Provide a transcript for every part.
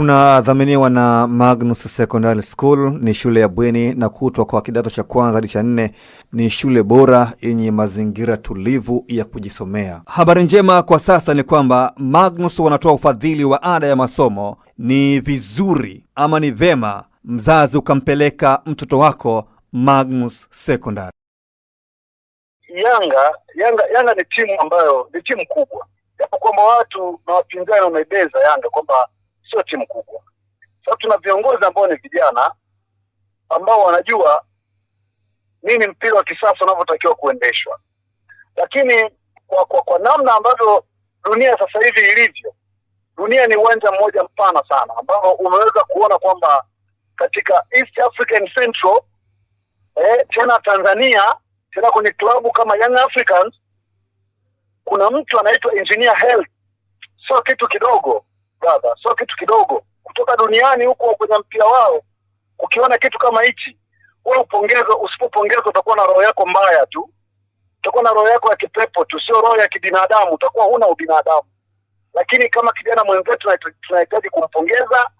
Tunadhaminiwa na Magnus Secondary School. Ni shule ya bweni na kutwa kwa kidato cha kwanza hadi cha nne. Ni shule bora yenye mazingira tulivu ya kujisomea. Habari njema kwa sasa ni kwamba Magnus wanatoa ufadhili wa ada ya masomo. Ni vizuri ama ni vema mzazi ukampeleka mtoto wako Magnus Secondary. Yanga, Yanga, Yanga ni timu ambayo ni timu kubwa, japo kwamba watu na wapinzani wamebeza Yanga kwamba sio timu kubwa. Sasa tuna viongozi ambao ni vijana ambao wanajua nini mpira wa kisasa unavyotakiwa kuendeshwa, lakini kwa, kwa, kwa namna ambavyo dunia sasa hivi ilivyo, dunia ni uwanja mmoja mpana sana ambao umeweza kuona kwamba katika East African Central eh, tena Tanzania tena kwenye klabu kama Young Africans kuna mtu anaitwa Engineer Health, sio kitu kidogo baba, sio kitu kidogo. Kutoka duniani huko kwenye mpira wao, ukiona kitu kama hichi wewe upongezwe, usipopongezwa utakuwa na roho yako mbaya tu, utakuwa na roho yako ya kipepo tu, sio roho ya kibinadamu, utakuwa huna ubinadamu. Lakini kama kijana mwenzetu tunahitaji kumpongeza,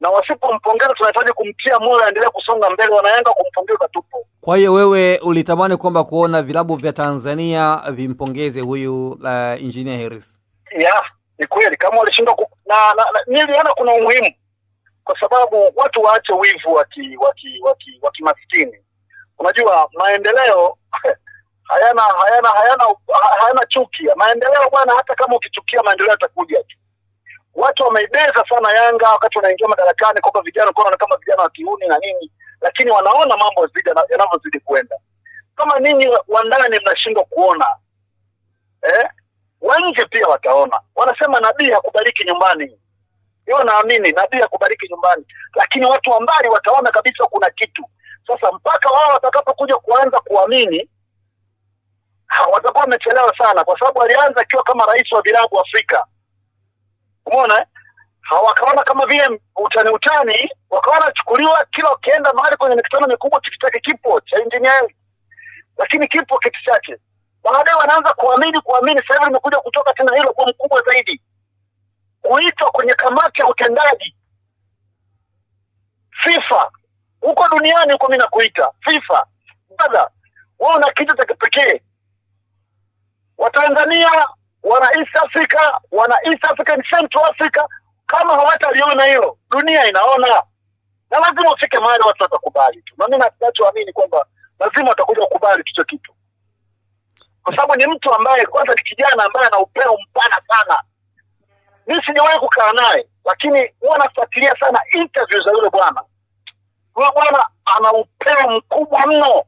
na wasipompongeza tunahitaji kumtia moyo aendelee kusonga mbele. Wanayanga kumpongeza tupo. Kwa hiyo wewe ulitamani kwamba kuona vilabu vya Tanzania vimpongeze huyu uh, Engineer Hersi? Yeah, ni kweli kama walishindwa ku... na, na, na niliona kuna umuhimu kwa sababu watu waache wivu waki waki waki ki, Unajua maendeleo hayana hayana hayana hayana chuki. Maendeleo bwana, hata kama ukichukia maendeleo yatakuja tu. Watu wameibeza sana Yanga wakati wanaingia madarakani, kwa vijana kwa kama vijana wa kiuni na nini, lakini wanaona mambo zidi yanavyozidi kwenda. Kama ninyi wandani mnashindwa kuona eh wanje pia wataona, wanasema nabii hakubariki nyumbani. Hiyo naamini nabii hakubariki nyumbani, lakini watu wa mbali wataona kabisa kuna kitu. Sasa mpaka wao watakapokuja kuanza kuamini watakuwa wamechelewa sana, kwa sababu alianza akiwa kama rais wa vilabu Afrika, umeona eh? hawakaona kama vile utani utani, wakaona chukuliwa kila wakienda mahali kwenye mikutano mikubwa, kiti chake kipo cha engineering, lakini kipo kiti chake kuamini kuamini, sasa hivi nimekuja kutoka tena hilo kwa mkubwa zaidi, kuitwa kwenye kamati ya utendaji FIFA huko duniani huko, mimi nakuita FIFA baba, wewe una kitu cha kipekee. Watanzania wana East Africa, wana East African Central Africa, kama hawataliona hilo, dunia inaona na lazima ufike mahali watu watakubali tu, na mimi ninachoamini kwamba lazima watakuja kukubali kicho kitu kwa sababu ni mtu ambaye kwanza ni kijana ambaye ana upeo mpana sana. Mi sijawahi kukaa naye, lakini huwa nafuatilia sana interview za yule bwana. Huyo bwana ana upeo mkubwa mno.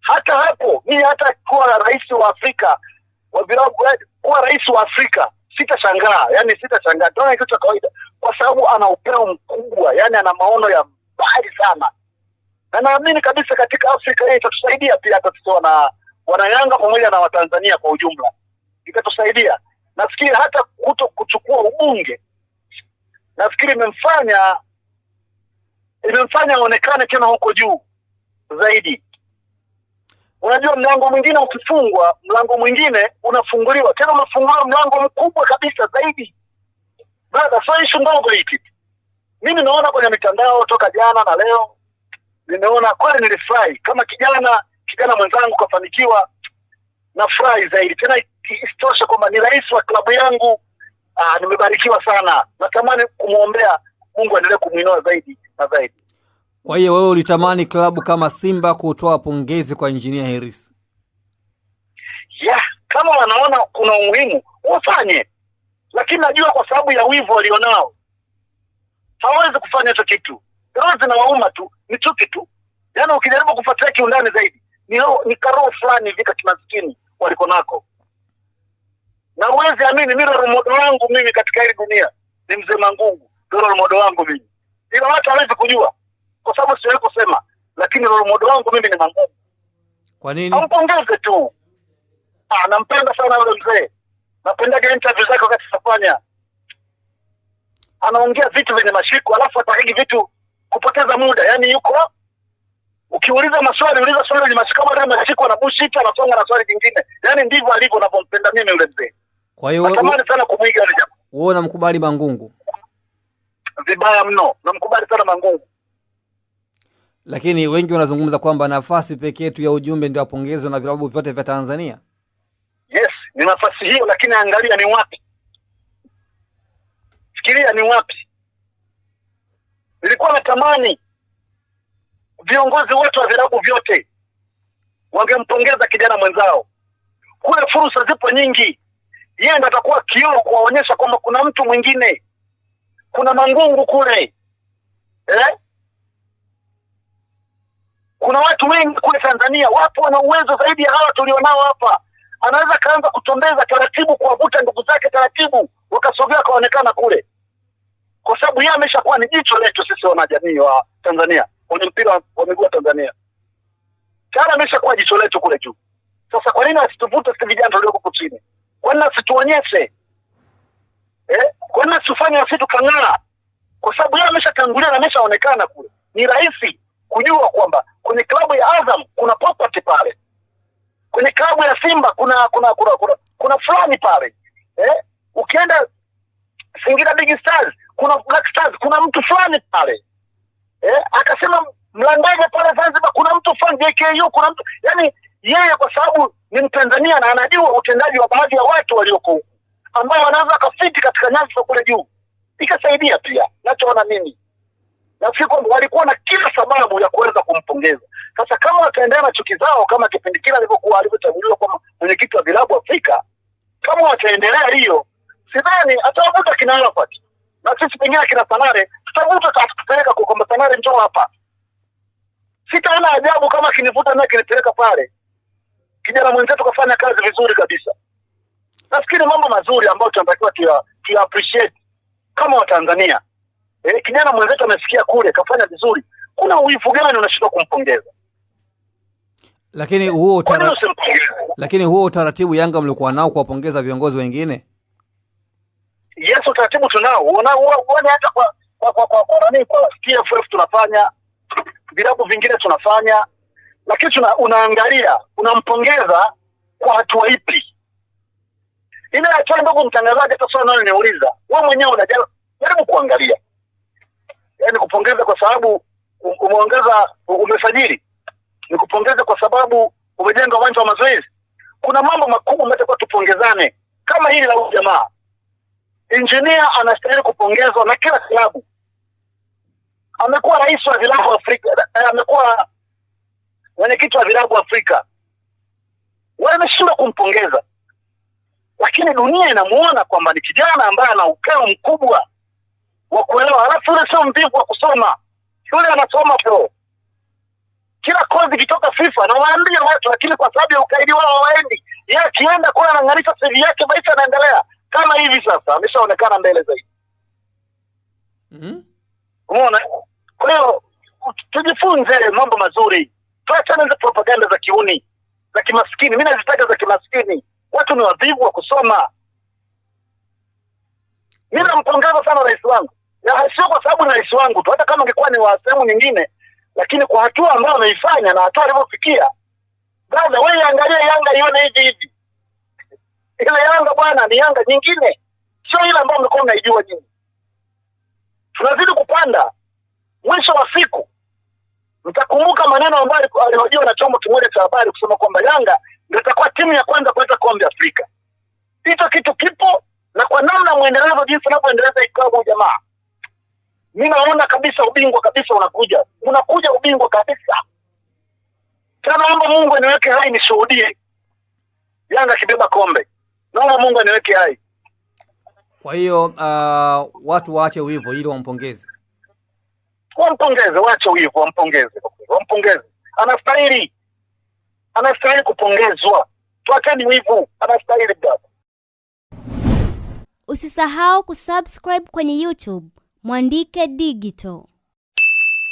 Hata hapo mimi, hata kuwa rais wa Afrika wa vilabu, kuwa rais wa Afrika sitashangaa, yani sitashangaa, tunaona kitu cha kawaida, kwa sababu ana upeo mkubwa, yani ana maono ya mbali sana, na naamini kabisa katika Afrika hii itatusaidia pia, hata na wanayanga pamoja na Watanzania kwa ujumla, ikatusaidia. Nafikiri hata kuto kuchukua ubunge, nafikiri imemfanya imemfanya aonekane tena huko juu zaidi. Unajua, mlango mwingine ukifungwa, mlango mwingine unafunguliwa tena, unafunguliwa mlango mkubwa kabisa zaidi. Brother, sio ishu ndogo hiki. Mimi naona kwenye mitandao toka jana na leo, nimeona kweli, nilifurahi kama kijana kijana mwenzangu kafanikiwa, nafurahi zaidi. Tena isitosha kwamba ni rais wa klabu yangu. Aa, ah, nimebarikiwa sana, natamani kumwombea Mungu aendelee kumwinua zaidi na zaidi. Kwa hiyo wewe ulitamani klabu kama Simba kutoa pongezi kwa injinia Hersi? Yeah, kama wanaona kuna umuhimu wafanye, lakini najua kwa sababu ya wivu walionao hawawezi kufanya hicho kitu. Roho zinawauma tu, ni chuki tu. Yaani ukijaribu kufuatilia kiundani zaidi ni, lo, ni karoho fulani hivi kimaskini waliko nako, na uwezi amini, mimi romodo wangu mimi katika hili dunia ni mzee Mangungu, ndio romodo wangu mimi, ila watu hawezi kujua kwa sababu siwezi kusema, lakini romodo wangu mimi ni Mangungu. Kwa nini? Ampongeze tu, ah, nampenda sana yule mzee, napendaga interview zake wakati nafanya anaongea vitu vyenye mashiko, alafu atahigi vitu kupoteza muda, yani yuko ukiuliza maswali uliza swali ni mashika mara mashiko na bushiki anasonga na swali jingine. yani ndivyo alivyo unavyompenda mimi yule mzee. Kwa hiyo natamani sana kumuiga yule jamaa. Wewe unamkubali Mangungu? Vibaya mno. Namkubali sana Mangungu. Lakini wengi wanazungumza kwamba nafasi pekee yetu ya ujumbe ndio apongezwe na vilabu vyote vya Tanzania. Yes, ni nafasi hiyo lakini angalia ni wapi. Fikiria ni wapi. Nilikuwa natamani viongozi wote wa vilabu vyote wangempongeza kijana mwenzao. Kule fursa zipo nyingi, yeye ndo atakuwa kioo kuwaonyesha kwamba kuna mtu mwingine, kuna Mangungu kule eh? kuna watu wengi kule Tanzania wapo wana uwezo zaidi ya hawa tulionao hapa. Anaweza akaanza kutombeza taratibu, kuwavuta ndugu zake taratibu, wakasogea wakaonekana kule, kwa sababu yeye ameshakuwa ni jicho letu sisi wanajamii wa Tanzania kwenye mpira wa miguu wa Tanzania. Tayari ameshakuwa jicho letu kule juu. Sasa kwa nini asituvute sisi vijana tulioko huko chini? Kwa nini asituonyeshe? Eh? Kwa nini asifanye sisi tukang'ara? Kwa sababu yeye ameshatangulia na ameshaonekana kule. Ni rahisi kujua kwamba kwenye klabu ya Azam kuna property pale. Kwenye klabu ya Simba kuna kuna kuna kuna, kuna fulani pale. Eh? Ukienda Singida Big Stars kuna Black Stars kuna mtu fulani pale eh, akasema Mlandaje pale Zanzibar kuna mtu fan JKU, kuna mtu yani, yeye kwa sababu ni Mtanzania na anajua utendaji wa baadhi ya watu walioko huku ambao wanaweza kafiti katika nafsi za kule juu, ikasaidia pia. Nachoona mimi nafikiri kwamba walikuwa na kila sababu ya kuweza kumpongeza. Sasa kama wataendelea na chuki zao kama kipindi kile alivyokuwa alivyochaguliwa kama mwenyekiti wa vilabu Afrika, kama wataendelea hiyo, sidhani atawavuta kina Arafat na sisi pengine kina Sanare sababu utakapeleka kwa kwamba njoo hapa, sitaona ajabu kama akinivuta naye akinipeleka pale. Kijana mwenzetu kafanya kazi vizuri kabisa. Nafikiri mambo mazuri ambayo tunatakiwa tuya, tuya appreciate kama Watanzania. Eh, kijana mwenzetu kule, kafanya vizuri. Kuna gani unashindwa kumpongeza? Lakini huo utara... lakini huo utaratibu Yanga mlikuwa nao kuwapongeza viongozi wengine? Yes, utaratibu tunao, hata kwa kwa kwa kwa kwa nani kwa TFF tunafanya vilabu vingine tunafanya, lakini tuna, unaangalia unampongeza kwa hatua ipi ile hatua. Ndugu mtangazaji, hata swali nayo niuliza wewe mwenyewe unajaribu kuangalia, yaani kupongeza kwa sababu um- umeongeza umesajili, ni kupongeza kwa sababu umejenga uwanja wa mazoezi. Kuna mambo makubwa mtakuwa tupongezane, kama hili la ujamaa, injinia anastahili kupongezwa na kila klabu amekuwa rais wa vilabu Afrika, eh, amekuwa mwenyekiti wa vilabu Afrika, wameshindwa kumpongeza, lakini dunia inamuona kwamba ni kijana ambaye ana upeo mkubwa wa kuelewa, halafu yule sio mvivu wa kusoma, yule anasoma bro. Kila kozi ikitoka FIFA nawaambia watu, lakini kwa sababu ya ukaidi wao waendi. Yeye akienda kule anang'anisha CV yake, maisha yanaendelea kama hivi. Sasa ameshaonekana mbele zaidi. mm -hmm. Umeona kwa hiyo tujifunze mambo mazuri, tuachane na propaganda za kiuni za kimaskini. Mimi nazitaka za kimaskini, watu ni wavivu wa kusoma. Mimi nampongeza sana rais wangu, na sio kwa sababu ni rais wangu tu, hata kama angekuwa ni wa sehemu nyingine, lakini kwa hatua ambayo ameifanya na hatua alivyofikia. Brother, wewe angalia Yanga ione hivi hivi, ile Yanga bwana ni Yanga nyingine, sio ile ambayo mlikuwa mnaijua nyinyi. Tunazidi kupanda mwisho wa siku mtakumbuka maneno ambayo alihojiwa na chombo kimoja cha habari kusema kwamba Yanga ndio itakuwa timu ya kwanza kuweza kombe Afrika. Hicho kitu kipo, na kwa namna mwendelezo, jinsi unavyoendeleza klabu jamaa, mi naona kabisa ubingwa kabisa unakuja, unakuja ubingwa kabisa. Naomba Mungu aniweke hai nishuhudie Yanga akibeba kombe, naomba Mungu aniweke hai. Kwa hiyo uh, watu waache wivu ili wampongeze wampongeze, wache wivu, wampongeze, wampongeze, anastahili, anastahili kupongezwa. twakeni wivu, anastahili baba. Usisahau kusubscribe kwenye YouTube Mwandike Digital.